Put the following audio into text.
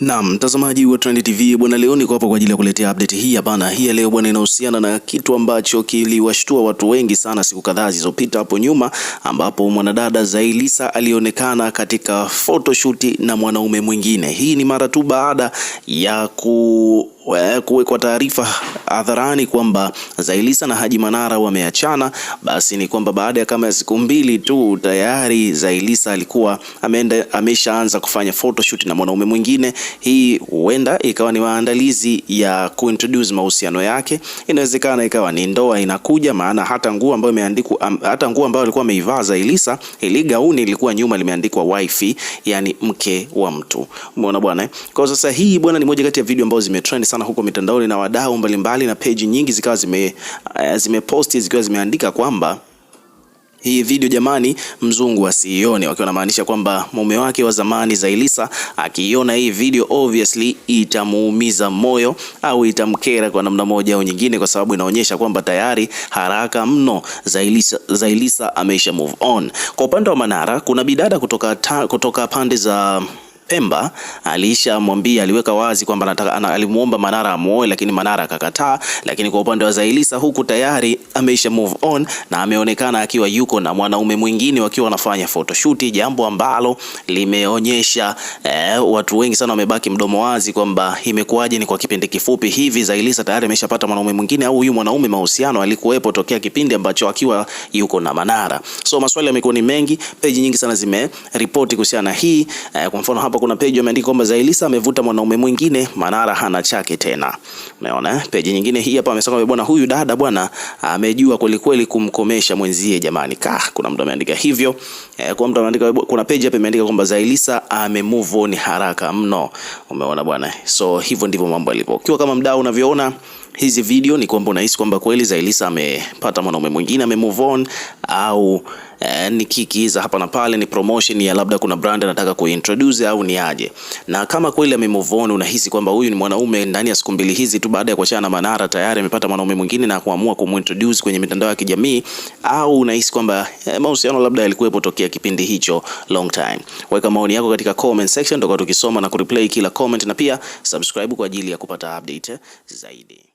Na mtazamaji wa Trend TV bwana, leo niko hapa kwa ajili ya kuletea update hii hapa na hii leo bwana, inahusiana na kitu ambacho kiliwashtua watu wengi sana siku kadhaa zilizopita hapo nyuma, ambapo mwanadada Zailisa alionekana katika photoshoot na mwanaume mwingine. Hii ni mara tu baada ya ku kuwekwa taarifa hadharani kwamba Zailisa na Haji Manara wameachana, basi ni kwamba baada ya kama ya siku mbili tu tayari Zailisa alikuwa ameenda ameshaanza kufanya photoshoot na mwanaume mwingine. Hii huenda ikawa ni maandalizi ya kuintroduce mahusiano yake, inawezekana ikawa ni ndoa inakuja, maana hata nguo ambayo imeandikwa, um, hata nguo ambayo alikuwa ameivaa Zailisa, ili gauni ilikuwa nyuma limeandikwa wife, yani mke wa mtu. Umeona bwana eh? Kwa sasa hii bwana ni moja kati ya video ambazo zimetrend sana huko mitandaoni na wadau mbalimbali na peji nyingi zikawa zime uh, zimeposti zikiwa zimeandika kwamba hii video jamani, mzungu asiione, wakiwa wanamaanisha kwamba mume wake wa zamani Zailisa akiiona hii video obviously itamuumiza moyo au itamkera kwa namna moja au nyingine, kwa sababu inaonyesha kwamba tayari haraka mno Zailisa, Zailisa ameisha move on. Kwa upande wa Manara kuna bidada kutoka, ta, kutoka pande za Pemba alishamwambia, aliweka wazi kwamba anataka, alimuomba Manara amuoe, lakini Manara akakataa. Lakini kwa upande wa Zailisa huku tayari ameisha move on na ameonekana akiwa yuko na mwanaume mwingine wakiwa wanafanya photoshoot, jambo ambalo limeonyesha eh, watu wengi sana wamebaki mdomo wazi kwamba imekuwaje, ni kwa kipindi kifupi hivi Zailisa tayari ameshapata mwanaume mwingine, au huyu mwanaume mahusiano alikuwepo tokea kipindi ambacho akiwa yuko na Manara. So maswali yamekuwa ni mengi, peji nyingi sana zimeripoti kuhusiana na hii eh, kwa mfano hapa kuna peji imeandika kwamba Zailisa amevuta mwanaume mwingine, Manara hana chake tena. Unaona peji nyingine hii hapa amesema bwana, huyu dada bwana amejua kwelikweli kumkomesha mwenzie jamani, ka kuna mtu ameandika hivyo e, kwa mtu ameandika, kuna peji hapa imeandika kwamba Zailisa ame move on haraka mno. Umeona bwana, so hivyo ndivyo mambo yalivyo. Ukiwa kama mdau unavyoona hizi video ni kwamba unahisi kwamba kweli Zailisa amepata mwanaume mwingine, ame move on au eh, ni kiki za hapa na pale, ni promotion ya labda kuna brand anataka kuintroduce au ni aje? Na kama kweli ame move on, unahisi kwamba huyu ni mwanaume ndani ya siku mbili hizi tu baada ya kuachana na Manara tayari amepata mwanaume mwingine na kuamua kumintroduce kwenye mitandao ya kijamii, au unahisi kwamba eh, mahusiano labda yalikuwepo tokea kipindi hicho long time? Weka maoni yako katika comment section, tutakuwa tukisoma na kureplay kila comment, na pia subscribe kwa ajili ya kupata update zaidi.